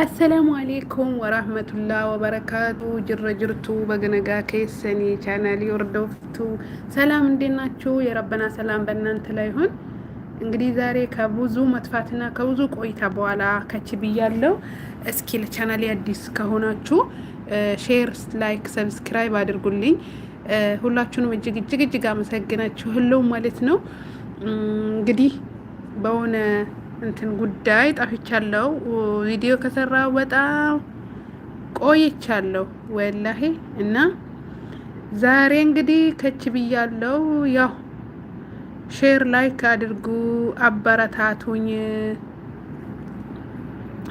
አሰላሙ አሌይኩም ወራህመቱላ ወበረካቱ ጅረጅርቱ በገነጋ ከየሰኒ ቻናል ወርደውፍቱ ሰላም እንዴት ናችሁ? የረበና ሰላም በእናንተ ላይ ይሁን። እንግዲህ ዛሬ ከብዙ መጥፋትና ከብዙ ቆይታ በኋላ ከች ብያለው። እስኪ ለቻናሌ አዲስ ከሆናችሁ ሼር፣ ላይክ፣ ሰብስክራይብ አድርጉልኝ። ሁላችሁንም እጅግ እጅግ እጅግ አመሰግናችሁ ህለው ማለት ነው እንግዲህ በሆነ እንትን ጉዳይ ጠፍቻለሁ። ቪዲዮ ከሰራ በጣም ቆይቻለሁ ወላሂ። እና ዛሬ እንግዲህ ከች ብያለሁ። ያው ሼር ላይክ አድርጉ፣ አበረታቱኝ።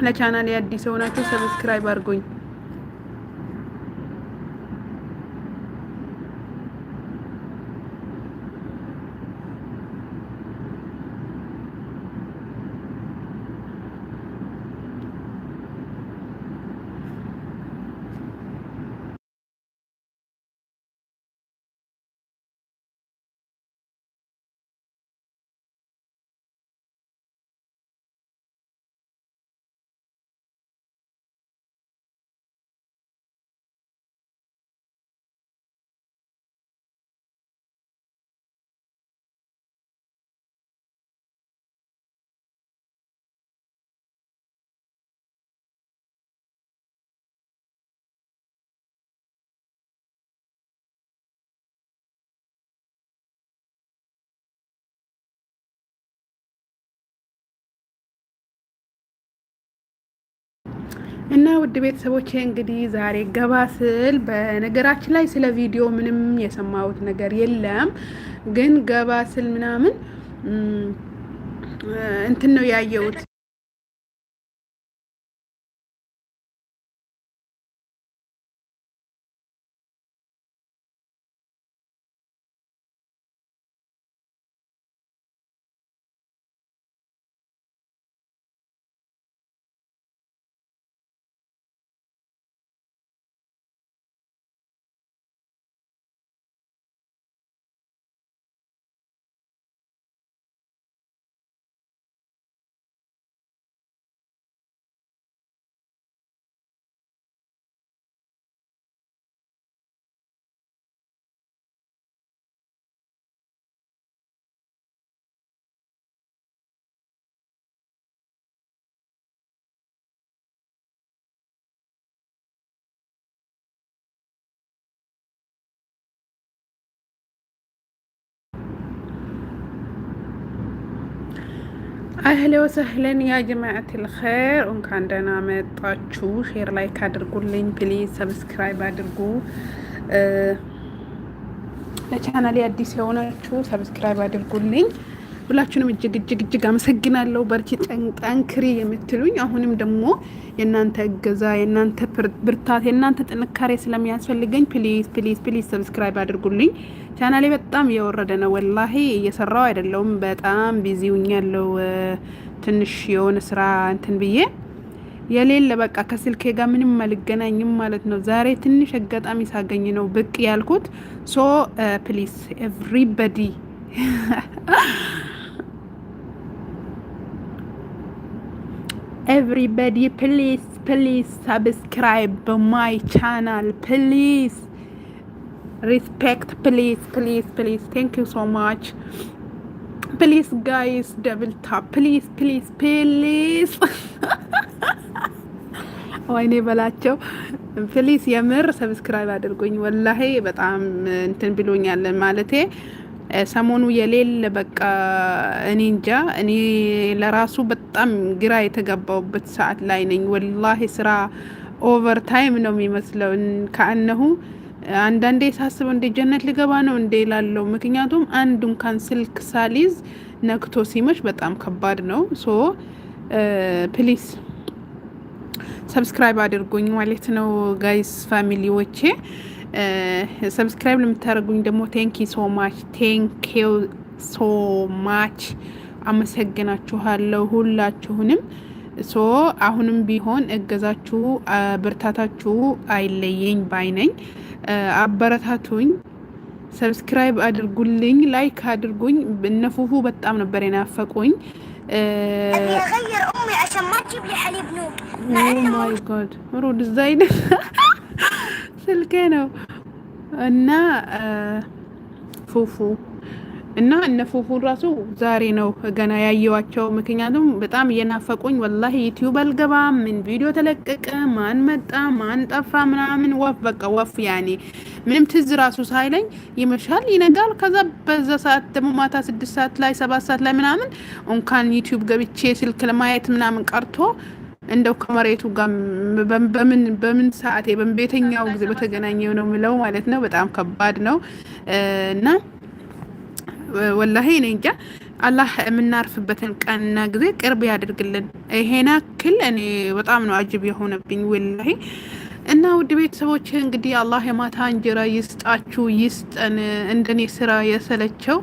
ለቻናል የአዲስ የሆናችሁ ሰብስክራይብ አድርጉኝ። እና ውድ ቤተሰቦቼ እንግዲህ ዛሬ ገባ ስል በነገራችን ላይ ስለ ቪዲዮ ምንም የሰማሁት ነገር የለም። ግን ገባ ስል ምናምን እንትን ነው ያየሁት። አህለ ወሰህለን ያ ጀማዓተል ኸይር እንኳን ደህና መጣችሁ። ሼር ላይክ አድርጉልኝ ፕሊዝ፣ ሰብስክራይብ አድርጉ። ለቻናሌ አዲስ የሆናችሁ ሰብስክራይብ አድርጉልኝ። ሁላችሁንም እጅግ እጅግ እጅግ አመሰግናለሁ። በርቺ፣ ጠንክሪ የምትሉኝ አሁንም ደግሞ የእናንተ እገዛ፣ የእናንተ ብርታት፣ የእናንተ ጥንካሬ ስለሚያስፈልገኝ ፕሊዝ ፕሊዝ ፕሊዝ ሰብስክራይብ አድርጉልኝ። ቻናሌ በጣም እየወረደ ነው ወላሂ፣ እየሰራው አይደለውም። በጣም ቢዚ ውኛለው ትንሽ የሆነ ስራ እንትን ብዬ የሌለ በቃ ከስልኬ ጋር ምንም አልገናኝም ማለት ነው። ዛሬ ትንሽ አጋጣሚ ሳገኝ ነው ብቅ ያልኩት። ሶ ፕሊስ ኤቭሪበዲ ኤቭሪበዲ ፕሊዝ ፕሊዝ ሰብስክራይብ በማይ ቻናል ፕሊዝ ሪስፔክት ፕሊዝ ፕሊስ ፕሊዝ ቴንክ ዩ ሶ ማች ፕሊዝ ጋይስ ደብል ታፕ ፕሊዝ ፕሊዝ ፕሊዝ ወይኔ በላቸው ፕሊስ የምር ሰብስክራይብ አድርጉኝ። ወላሄ በጣም እንትን ብሎኛለን ማለቴ ሰሞኑ የሌለ በቃ እኔ እንጃ እኔ ለራሱ በጣም ግራ የተገባውበት ሰዓት ላይ ነኝ። ወላሂ ስራ ኦቨር ታይም ነው የሚመስለው ከአነሁ አንዳንዴ ሳስብ እንደ ጀነት ልገባ ነው እንደ ላለው። ምክንያቱም አንድ እንኳን ስልክ ሳሊዝ ነክቶ ሲመሽ በጣም ከባድ ነው። ሶ ፕሊስ ሰብስክራይብ አድርጉኝ ማለት ነው ጋይስ ፋሚሊዎቼ። ሰብስክራይብ eh, ለምታደርጉኝ ደግሞ ቴንኪ ሶ ማች ቴንኪ ሶ ማች አመሰግናችኋለሁ ሁላችሁንም። ሶ አሁንም ቢሆን እገዛችሁ ብርታታችሁ አይለየኝ ባይነኝ። አበረታቱኝ፣ ሰብስክራይብ አድርጉልኝ፣ ላይክ አድርጉኝ። እነፉፉ በጣም ነበር የናፈቁኝ። oh ሩ ዛይን ስልኬ ነው እና ፉፉ እና እነ ፉፉ ራሱ ዛሬ ነው ገና ያየዋቸው። ምክንያቱም በጣም እየናፈቁኝ ወላሂ ዩቲዩብ አልገባ ምን ቪዲዮ ተለቀቀ፣ ማን መጣ፣ ማን ጠፋ ምናምን ወፍ በቃ ወፍ ያኔ ምንም ትዝ ራሱ ሳይለኝ ይመሻል፣ ይነጋል። ከዛ በዛ ሰዓት ደግሞ ማታ ስድስት ሰዓት ላይ ሰባት ሰዓት ላይ ምናምን እንኳን ዩቲዩብ ገብቼ ስልክ ለማየት ምናምን ቀርቶ እንደው ከመሬቱ ጋር በምን በምን ሰዓቴ በየትኛው ጊዜ በተገናኘው ነው ምለው ማለት ነው። በጣም ከባድ ነው እና ወላሂ እኔ እንጃ አላህ የምናርፍበትን ቀንና ጊዜ ቅርብ ያደርግልን። ይሄን ያክል እኔ በጣም ነው አጅብ የሆነብኝ ወላሂ። እና ውድ ቤተሰቦች እንግዲህ አላህ የማታ እንጀራ ይስጣችሁ ይስጠን። እንደኔ ስራ የሰለቸው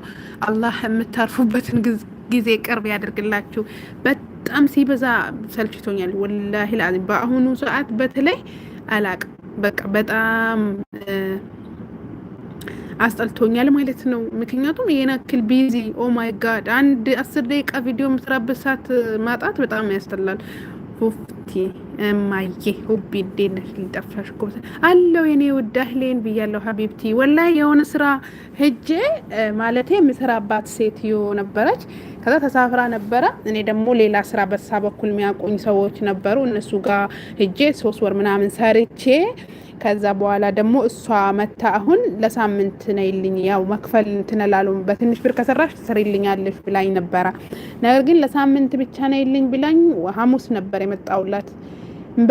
አላህ የምታርፉበትን ጊዜ ጊዜ ቅርብ ያደርግላችሁ። በጣም ሲበዛ ሰልችቶኛል ወላሂ ለአዚም በአሁኑ ሰዓት በተለይ አላቅ በቃ በጣም አስጠልቶኛል ማለት ነው። ምክንያቱም ይሄን ያክል ቢዚ ኦ ማይ ጋድ አንድ አስር ደቂቃ ቪዲዮ የምትሰራበት ሰዓት ማጣት በጣም ያስጠላል። ሁፍቴ እማዬ ሁብ ይዴነሽ ሊጠፋሽ እኮ አለው የኔ ውድ አህሌን ብያለሁ። ሀቢብቲ ወላሂ የሆነ ስራ ሂጄ ማለቴ የምሰራባት ሴትዮ ነበረች። ከዛ ተሳፍራ ነበረ። እኔ ደግሞ ሌላ ስራ በሳ በኩል የሚያቆኝ ሰዎች ነበሩ። እነሱ ጋር ህጄ ሶስት ወር ምናምን ሰርቼ ከዛ በኋላ ደግሞ እሷ መታ አሁን ለሳምንት ነይልኝ ያው መክፈል እንትን በትንሽ ብር ከሰራሽ ትስሪልኛለሽ ብላኝ ነበረ። ነገር ግን ለሳምንት ብቻ ነይልኝ ብላኝ ሐሙስ ነበር የመጣውላት።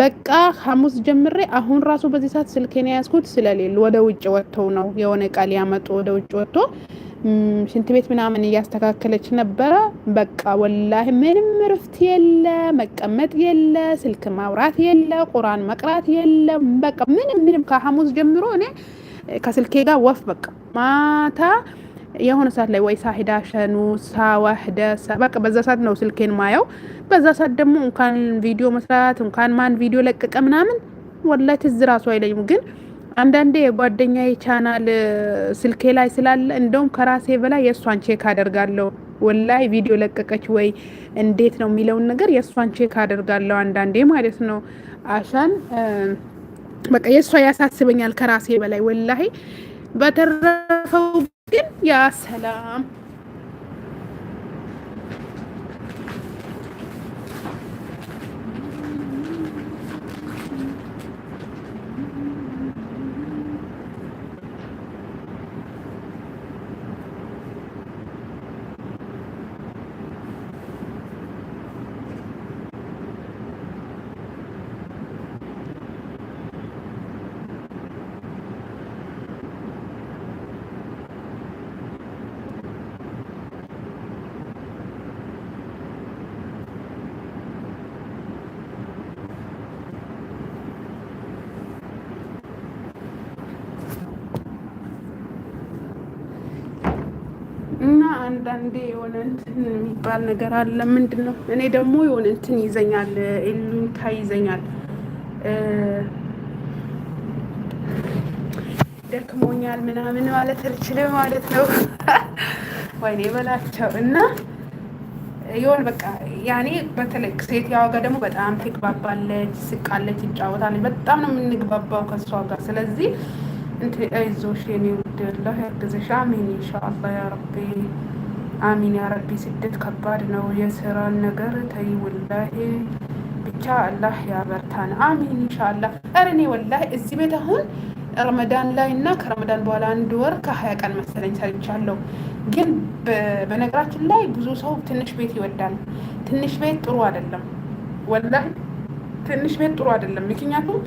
በቃ ሐሙስ ጀምሬ አሁን ራሱ በዚህ ሰዓት ስልኬን የያዝኩት ስለሌሉ ወደ ውጭ ወጥተው ነው የሆነ ቃል ያመጡ ወደ ውጭ ወጥቶ ሽንት ቤት ምናምን እያስተካከለች ነበረ። በቃ ወላሂ ምንም እርፍት የለ፣ መቀመጥ የለ፣ ስልክ ማውራት የለ፣ ቁራን መቅራት የለ። በቃ ምንም ምንም ከሐሙስ ጀምሮ እኔ ከስልኬ ጋር ወፍ በቃ ማታ የሆነ ሰዓት ላይ ወይ ሳሂዳ ሸኑ ሳዋህደ በቃ በዛ ሰዓት ነው ስልኬን ማየው። በዛ ሰዓት ደግሞ እንኳን ቪዲዮ መስራት እንኳን ማን ቪዲዮ ለቀቀ ምናምን ወላሂ ትዝ ራሱ አይለኝም ግን አንዳንዴ የጓደኛ ቻናል ስልኬ ላይ ስላለ እንደውም ከራሴ በላይ የእሷን ቼክ አደርጋለሁ። ወላይ ቪዲዮ ለቀቀች ወይ እንዴት ነው የሚለውን ነገር የእሷን ቼክ አደርጋለሁ። አንዳንዴ ማለት ነው አሻን በቃ የእሷ ያሳስበኛል ከራሴ በላይ ወላሂ። በተረፈው ግን ያ ሰላም አንዳንዴ የሆነ እንትን የሚባል ነገር አለ። ምንድን ነው እኔ ደግሞ የሆነ እንትን ይዘኛል፣ ኢሉኝታ ይዘኛል። ደክሞኛል ምናምን ማለት አልችልም ማለት ነው። ወይኔ በላቸው እና የሆነ በቃ ያኔ በተለይ ሴት ያዋ ጋር ደግሞ በጣም ትግባባለች፣ ስቃለች፣ ይጫወታለች። በጣም ነው የምንግባባው ከእሷ ጋር ስለዚህ እንት አይዞሽ የኔ ውድ ያግዝሽ። አሜን ኢንሻአላህ ያ ረቢ አሚን ያረቢ። ስደት ከባድ ነው። የስራን ነገር ተይ ወላሂ። ብቻ አላህ ያበርታን። አሚን ኢንሻአላህ። እኔ ወላሂ እዚህ ቤት አሁን ረመዳን ላይ እና ከረመዳን በኋላ አንድ ወር ከሀያ ቀን መሰለኝ ሰርቻለሁ። ግን በነገራችን ላይ ብዙ ሰው ትንሽ ቤት ይወዳል። ትንሽ ቤት ጥሩ አይደለም ወላሂ፣ ትንሽ ቤት ጥሩ አይደለም። ምክንያቱም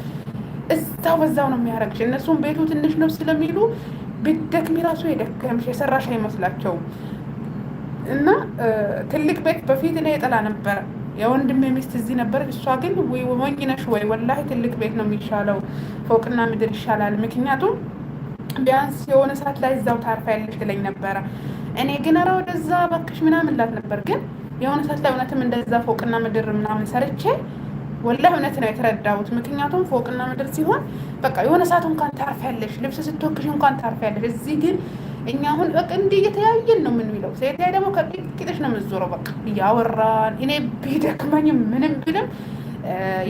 እዛው በዛው ነው የሚያደርግሽ። እነሱም ቤቱ ትንሽ ነው ስለሚሉ ብትደክሚ ራሱ የደከምሽ የሰራሽ አይመስላቸውም። እና ትልቅ ቤት በፊት ላይ የጠላ ነበረ። የወንድሜ ሚስት እዚህ ነበር እሷ ግን ወይ ሞኝ ነሽ ወይ ወላሂ ትልቅ ቤት ነው የሚሻለው፣ ፎቅና ምድር ይሻላል። ምክንያቱም ቢያንስ የሆነ ሰዓት ላይ እዛው ታርፋ ያለች ትለኝ ነበረ። እኔ ግን ኧረ ወደዛ እባክሽ ምናምን ላት ነበር። ግን የሆነ ሰዓት ላይ እውነትም እንደዛ ፎቅና ምድር ምናምን ሰርቼ ወላሂ እውነት ነው የተረዳሁት። ምክንያቱም ፎቅና ምድር ሲሆን በቃ የሆነ ሰዓት እንኳን ታርፋ ያለሽ፣ ልብስ ስትወክሽ እንኳን ታርፋ ያለሽ። እዚህ ግን እኛ አሁን በቃ እንዲ እየተያየን ነው የምንለው። ሴት ደግሞ ከቂጥቂጦች ነው የምንዞረው። በቃ እያወራን እኔ ቢደክመኝም ምንም ብልም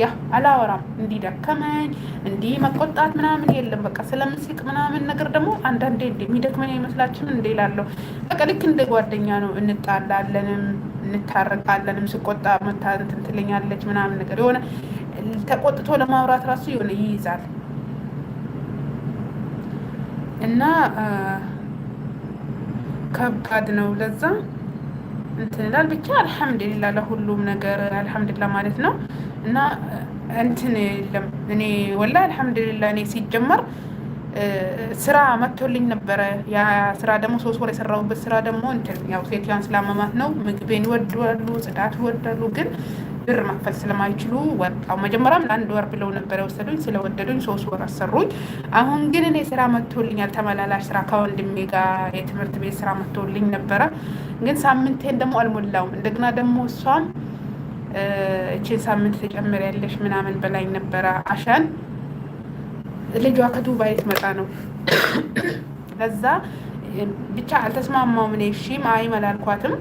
ያ አላወራም። እንዲደከመኝ እንዲህ መቆጣት ምናምን የለም። በቃ ስለምስቅ ምናምን ነገር ደግሞ አንዳንዴ እንደ የሚደክመኝ አይመስላችሁም እንዴ እላለሁ። በቃ ልክ እንደ ጓደኛ ነው። እንጣላለንም እንታረቃለንም። ስቆጣ መታንት ትለኛለች ምናምን ነገር የሆነ ተቆጥቶ ለማውራት ራሱ የሆነ ይይዛል እና ከባድ ነው። ለዛ እንትን እላል ብቻ አልሐምድሊላ ለሁሉም ነገር አልሐምድሊላ ማለት ነው እና እንትን የለም እኔ ወላ አልሐምድሊላ እኔ ሲጀመር ስራ መጥቶልኝ ነበረ። ያ ስራ ደግሞ ሶስት ወር የሰራሁበት ስራ ደግሞ እንትን ያው ሴትዮዋን ስላመማት ነው። ምግቤን ይወዳሉ፣ ጽዳት ይወዳሉ ግን ብር መክፈል ስለማይችሉ ወጣው። መጀመሪያም ለአንድ ወር ብለው ነበር የወሰዱኝ። ስለወደዱኝ ሶስት ወር አሰሩኝ። አሁን ግን እኔ ስራ መጥቶልኛል፣ ተመላላሽ ስራ ከወንድሜ ጋር የትምህርት ቤት ስራ መጥቶልኝ ነበረ። ግን ሳምንቴን ደግሞ አልሞላውም። እንደገና ደግሞ እሷም እችን ሳምንት ያለሽ ምናምን በላይ ነበረ። አሻን ልጇ ከዱባይ ትመጣ ነው ከዛ ብቻ አልተስማማውም። እኔ እሺም አይም አላልኳትም።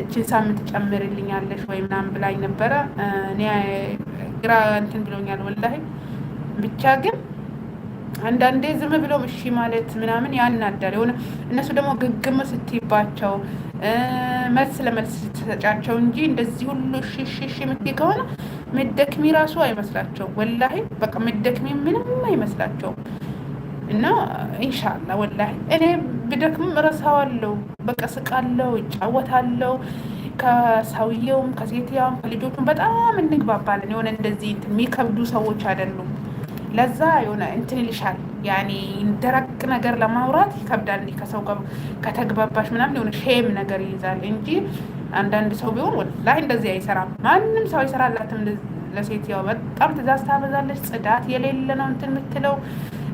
እችን ሳምንት ጨምርልኛለሽ ወይ ምናምን ብላኝ ነበረ። እኔ ግራ እንትን ብሎኛል ወላሂ። ብቻ ግን አንዳንዴ ዝም ብሎም እሺ ማለት ምናምን ያናዳል። የሆነ እነሱ ደግሞ ግግም ስትይባቸው መልስ ለመልስ ስትሰጫቸው እንጂ እንደዚህ ሁሉ እሺ እሺ እሺ የምትይ ከሆነ መደክሚ ራሱ አይመስላቸውም ወላሂ። በቃ ምደክሚ ምንም አይመስላቸውም። እና ኢንሻላ ወላሂ እኔ ብደክምም እረሳዋለሁ። በቃ ስቃለው፣ እጫወታለው ከሰውየውም ከሴትያውም ከልጆቹም በጣም እንግባባለን። የሆነ እንደዚህ የሚከብዱ ሰዎች አይደሉም። ለዛ የሆነ እንትን ይልሻል ያኔ ደረቅ ነገር ለማውራት ይከብዳል። ከሰው ከተግባባሽ ምናምን የሆነ ሼም ነገር ይይዛል እንጂ አንዳንድ ሰው ቢሆን ወላሂ እንደዚህ አይሰራም። ማንም ሰው አይሰራላትም። ለሴትያው በጣም ትእዛዝ ታበዛለች። ጽዳት የሌለ ነው እንትን የምትለው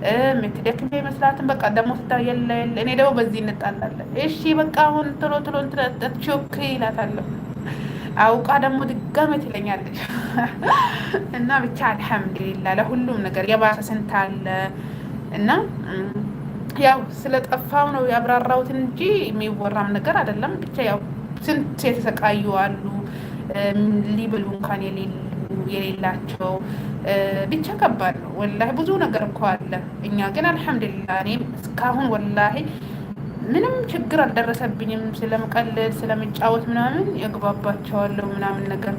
የምትደክም ይመስላትን በቃ ደግሞ ስታ የለ የለ እኔ ደግሞ በዚህ እንጣላለን። እሺ በቃ አሁን ቶሎ ቶሎ ትችክ ይላታለሁ። አውቃ ደግሞ ድጋሜ ትለኛለች። እና ብቻ አልሐምዱሊላ ለሁሉም ነገር የባሰ ስንት አለ እና ያው ስለጠፋው ነው ያብራራሁት እንጂ የሚወራም ነገር አይደለም። ብቻ ያው ስንት የተሰቃዩ አሉ ሊበሉ እንኳን የሌላቸው ብቻ ከባድ ነው ወላሂ። ብዙ ነገር እኮ አለ። እኛ ግን አልሐምዱሊላ እኔ እስካሁን ወላሂ ምንም ችግር አልደረሰብኝም። ስለምቀልድ ስለምጫወት ምናምን ያግባባቸዋለሁ ምናምን ነገር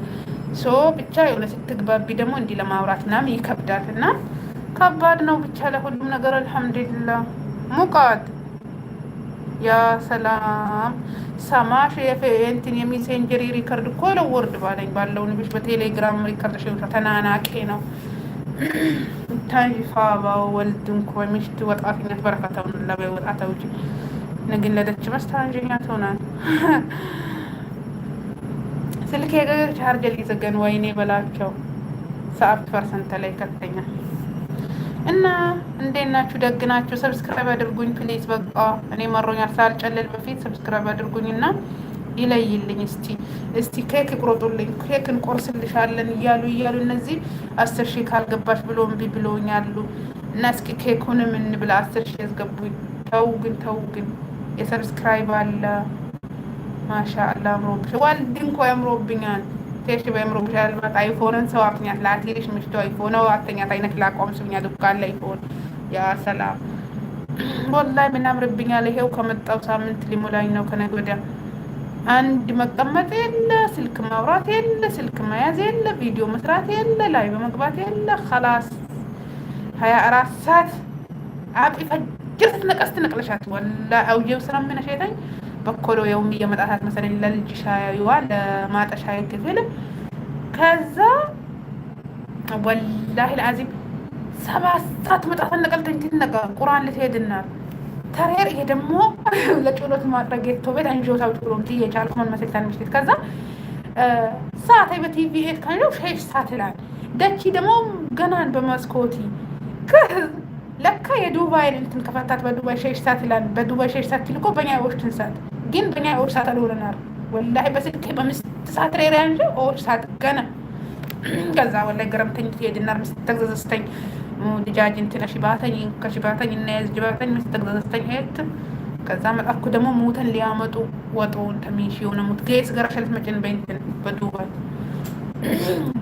ሶ ብቻ የሆነ ስትግባቢ ደግሞ እንዲህ ለማውራት ምናምን ይከብዳል እና ከባድ ነው ብቻ ለሁሉም ነገር አልሐምዱሊላ ሙቃት ያ ሰላም ሰማሽ የፌንቲን የሚሴንጀሪ ሪከርድ እኮ ለወርድ ባለኝ ባለው ንብሽ በቴሌግራም ሪከርድ ሸውሻ ተናናቄ ነው ታይፋ ባወልድንኩ በሚሽት ወጣትኛት በረከተውን ለበይ ወጣተ ውጭ ንግን ለደች መስታንዥኛ ትሆናል ስልክ ቻርጀር ሊዘገን ወይኔ በላቸው ሰአብት ፐርሰንት ላይ ከተኛል እና እንዴት ናችሁ? ደግ ናችሁ? ሰብስክራይብ አድርጉኝ ፕሊዝ። በቃ እኔ መሮኛል። ሳልጨልል በፊት ሰብስክራይብ አድርጉኝ እና ይለይልኝ እስቲ እስቲ ኬክ ይቁረጡልኝ፣ ኬክ እንቆርስልሻለን እያሉ እያሉ እነዚህ አስር ሺህ ካልገባሽ ብሎ እምቢ ብለውኝ አሉ እና እስኪ ኬኩንም እንብላ። አስር ሺህ ያስገቡኝ። ተው ግን ተው ግን የሰብስክራይብ አለ ማሻ አላ አምሮብሽ ዋልድ እንኳ ያምሮብኛል። ቴሽ በምሩግ ሻልማት አይፎንን ሰው አፍኛት ለአትሌሽ ምሽቶ አይፎነው አተኛት አይነት ላቋም ስብኛ ዱካን ላይፎን ያ ሰላም ወላሂ ምናምርብኛል። ይሄው ከመጣው ሳምንት ሊሞላኝ ነው። ከነገ ወዲያ አንድ መቀመጥ የለ ስልክ ማውራት የለ ስልክ መያዝ የለ ቪዲዮ መስራት የለ ላይ በመግባት የለ ከላስ ሀያ አራት ሰዓት አብ ፈጅር ስትነቀስ ትነቅለሻት ወላ አውየው ስራ ምን ሸይታኝ በኮሎ የውም እየመጣታት መሰለኝ ለልጅ ሻዩዋ ለማጠሻ ክፍል ከዛ ወላሂ ለአዚም ሰባት ሰዓት መጣት ነቀልተኝ ትነቀ ቁርአን ልትሄድና ተሬር ይሄ ደግሞ ለጩሎት ማድረግ የቶ ቤት አንጆታዊ ጩሎት እየቻልኩ ምን መሰል ምሽት ከዛ ሰዓት በቲቪ ሄድ ካለው ሸሽ ሰዓት ይላል ደቺ ደግሞ ገናን በመስኮቲ ለካ የዱባይ እንትን ከፈታት በዱባይ ሸሽ ሰዓት ይላል። በዱባይ ሸሽ ሰዓት ይልቆ በእኛ የወሽትን ሰዓት ግን በእኛ ኦርሳት አልሆነናል። ወላ በስልክ በምስት ሰዓት ሬራ እንጂ ኦርሳት ገነ ከዛ ወላይ ገረምተኝ ትሄድና ምስት ተግዘዘስተኝ ድጃጅ እንትና ሽባተኝ ከሽባተኝ እና ያዝ ጅባተኝ ምስት ተግዘዘስተኝ ሄት ከዛ መጣኩ ደግሞ ሙተን ሊያመጡ ወጡ ተሚሽ የሆነ ሙት ጌስ ገራ ሸለት መጭን በእንትን በዱባይ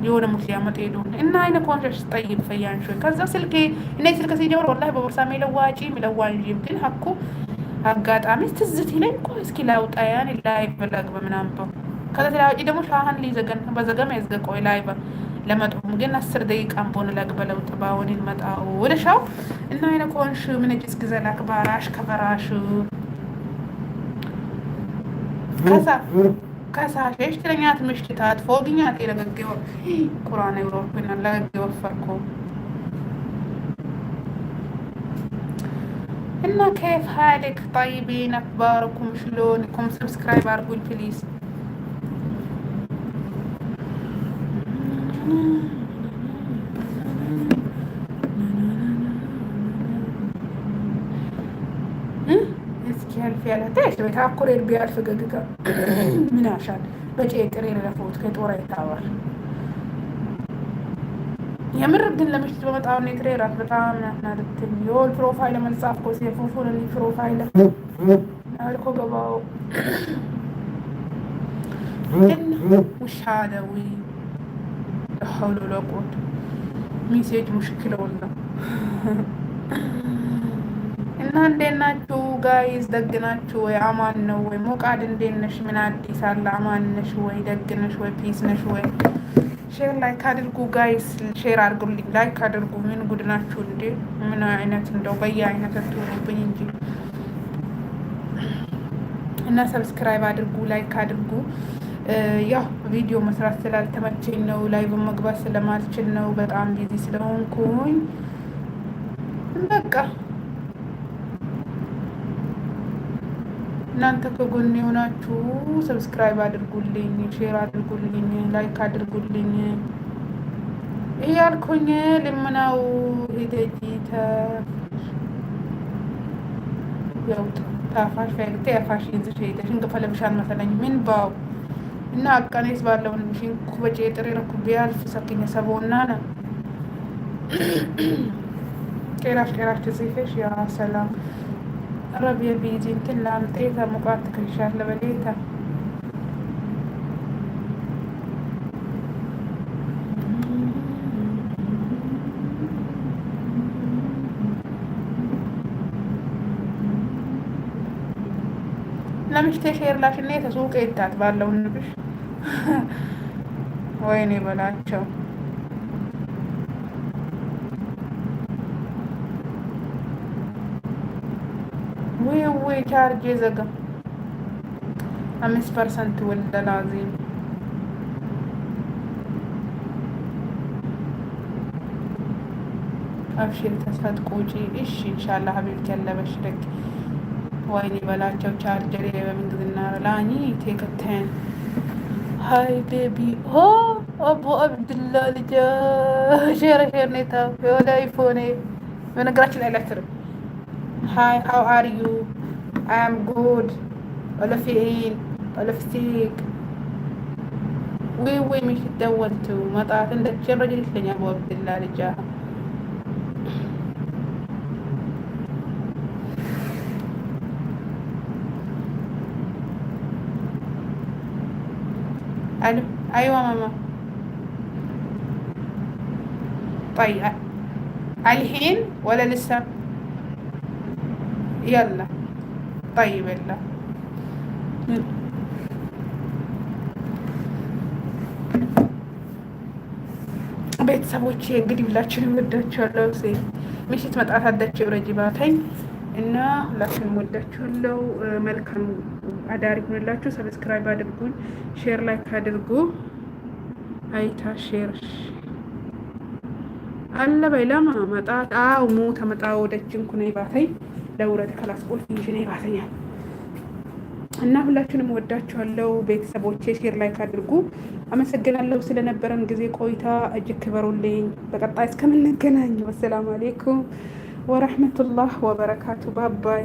የሆነ ሙት ሊያመጡ ሄዱ እና አይነ ኮንሸሽ ጠይብ ፈያንሾ ከዛ ስልኬ እኔ ስልክ ሲጀምር ወላ በቦርሳ ሚለዋጪ ሚለዋንዥም ግን ሀኩ አጋጣሚ ትዝት ይለኝ እኮ እስኪ ላውጣ ያን ላይቭ ላግባ ምናምን ከዛ ተለዋጭ ደግሞ ሻሃን ሊዘገን በዘገም ያዝገቀው ላይቭ ለመጡም ግን አስር ደቂቃን ቦን ላግባ ለውጥ ባውን ይመጣው ወደ ሻው እና አይነ ኮንሽ ምን እጅስ ግዘ ላክባራሽ ከበራሽ ከሳ ከሳሽ ትለኛት ምሽታት ፎግኛት የለገገው ቁራን ኤውሮፕን ላገገው ወፈርኮ إنا كيف حالك طيبين أخباركم شلونكم سبسكرايب أرجو البليز كان في الهاتف تعيش بيتها قرير بيعرف قدقة من عشان بجي ترين لفوت كنت وراي تاور የምር ግን ለምሽት በመጣው ነግሬ ራት በጣም ናትናርትን የወል ፕሮፋይል መንጻፍ ኮ ሴፎፎን ፕሮፋይል አልኮ ገባው ውሻደዊ ሀውሎ ለቆድ ሚሴጅ ሙሽክለውን ነው እና እንዴት ናችሁ ጋይዝ? ደግ ናችሁ ወይ? አማን ነው ወይ? ሞቃድ እንዴት ነሽ? ምን አዲስ አለ? አማን ነሽ ወይ? ደግ ነሽ ወይ? ፒስ ነሽ ወይ? ሼር ላይክ አድርጉ ጋይስ፣ ሼር አድርጉልኝ፣ ላይክ አድርጉ። ምን ጉድ ናችሁ እንዴ! ምን አይነት እንደው በየ አይነት ትሆኑብኝ እንጂ እና ሰብስክራይብ አድርጉ፣ ላይክ አድርጉ። ያው ቪዲዮ መስራት ስላልተመቸኝ ነው፣ ላይቭ መግባት ስለማልችል ነው፣ በጣም ቢዚ ስለሆንኩኝ በቃ እናንተ ከጎን የሆናችሁ ሰብስክራይብ አድርጉልኝ፣ ሼር አድርጉልኝ፣ ላይክ አድርጉልኝ እያልኩኝ ልመናው ሂደጂ ታፋሽ ፈቅቴ ያፋሽ ይዝሽ ሄደሽ እንቅፋ ለብሻን መሰለኝ ምን ባው እና አቃኔስ ባለውን ምሽን ኩበጭ ጥሪ ረኩ ቢያልፍ ሰኪኝ ሰቦና ነ ቄራሽ ቄራሽ ትጽፌሽ ያ ሰላም ربي بيدين تلا نطيتها مقاتك الشهر لبليتها لا مش تخير لكن نيتها سوق إيتات بالله ونبش ويني بلاتشو ወይ ቻርጅ ዘጋ። አምስት ፐርሰንት ወለላዚ አብሽር ተስፋት ቁጪ። እሺ ኢንሻአላህ ሀቢብ ከለበሽ ደግ ወይኒ በላቸው ቻርጀር በምንግዝና ላኒ ቴከተን ሀይ ቤቢ ሆ አቦ አብድላ ልጅ ሸረ ሸርኔታ ኔታ ወደ አይፎኔ በነገራችን ላይ ኤሌክትሪክ ሀይ ሀው አር ዩ في عين ولا في سيك وي وي مش ما ومطعت عندك جرة قلت لي يا ابو عبد الله لجاها الو ايوه ماما طيب الحين ولا لسه يلا ጠይበላ ቤተሰቦቼ እንግዲህ ሁላችንም ወዳችኋለሁ። ምሽት መጣት አዳቸው ረጅባተኝ እና ሁላችንም ወዳችኋለሁ። መልካም አዳር ይሁንላችሁ። ሰብስክራይብ አድርጉኝ፣ ሼር ላይክ አድርጉ። አይታ ሼር አለ በይላማ መጣት አው ሙ ተመጣ ወደችን ኩኔ ባተኝ ለውረት ከላስፖርት ሚሽን ይባሰኛል እና ሁላችሁንም ወዳችኋለሁ ቤተሰቦቼ፣ ሼር ላይክ አድርጉ። አመሰግናለሁ ስለነበረን ጊዜ ቆይታ እጅግ ክበሩልኝ። በቀጣይ እስከምንገናኝ ወሰላሙ አሌይኩም ወረህመቱላህ ወበረካቱ። ባባይ